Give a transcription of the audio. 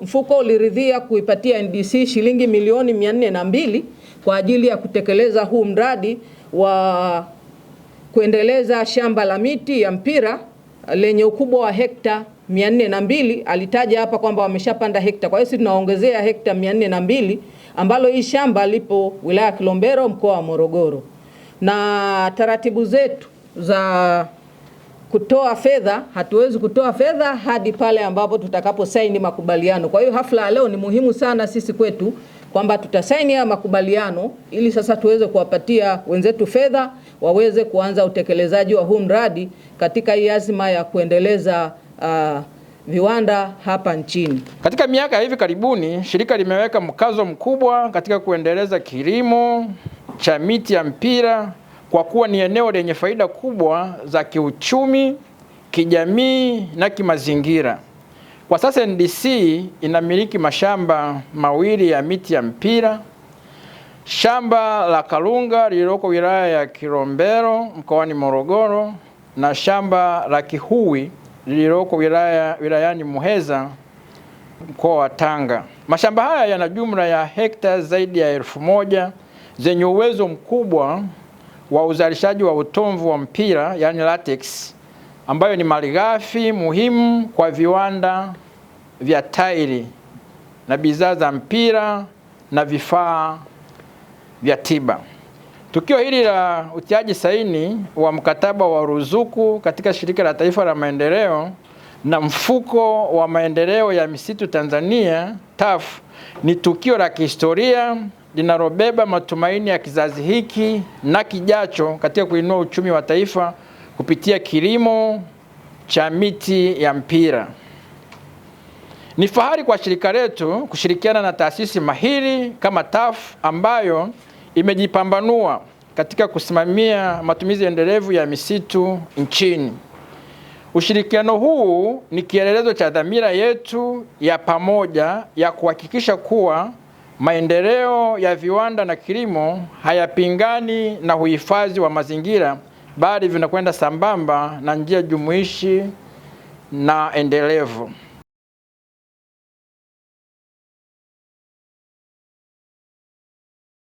Mfuko uliridhia kuipatia NDC shilingi milioni mia nne na mbili kwa ajili ya kutekeleza huu mradi wa kuendeleza shamba la miti ya mpira lenye ukubwa wa hekta mia nne na mbili. Alitaja hapa kwamba wameshapanda hekta, kwa hiyo sisi tunaongezea hekta mia nne na mbili ambalo hii shamba lipo wilaya ya Kilombero mkoa wa Morogoro, na taratibu zetu za kutoa fedha, hatuwezi kutoa fedha hadi pale ambapo tutakaposaini makubaliano. Kwa hiyo hafla ya leo ni muhimu sana sisi kwetu kwamba tutasaini haya makubaliano ili sasa tuweze kuwapatia wenzetu fedha waweze kuanza utekelezaji wa huu mradi katika hii azima ya kuendeleza uh, viwanda hapa nchini. Katika miaka ya hivi karibuni, shirika limeweka mkazo mkubwa katika kuendeleza kilimo cha miti ya mpira kwa kuwa ni eneo lenye faida kubwa za kiuchumi, kijamii na kimazingira. Kwa sasa NDC inamiliki mashamba mawili ya miti ya mpira, shamba la Kalunga lililoko wilaya ya Kilombero mkoani Morogoro na shamba la Kihuwi lililoko wilaya, wilayani Muheza mkoa wa Tanga. Mashamba haya yana jumla ya hekta zaidi ya elfu moja zenye uwezo mkubwa wa uzalishaji wa utomvu wa mpira yani latex, ambayo ni malighafi muhimu kwa viwanda vya tairi na bidhaa za mpira na vifaa vya tiba. Tukio hili la utiaji saini wa mkataba wa ruzuku katika Shirika la Taifa la Maendeleo na Mfuko wa Maendeleo ya Misitu Tanzania TAF ni tukio la kihistoria linalobeba matumaini ya kizazi hiki na kijacho katika kuinua uchumi wa taifa kupitia kilimo cha miti ya mpira. Ni fahari kwa shirika letu kushirikiana na taasisi mahiri kama TAF ambayo imejipambanua katika kusimamia matumizi endelevu ya misitu nchini. Ushirikiano huu ni kielelezo cha dhamira yetu ya pamoja ya kuhakikisha kuwa Maendeleo ya viwanda na kilimo hayapingani na uhifadhi wa mazingira, bali vinakwenda sambamba na njia jumuishi na endelevu.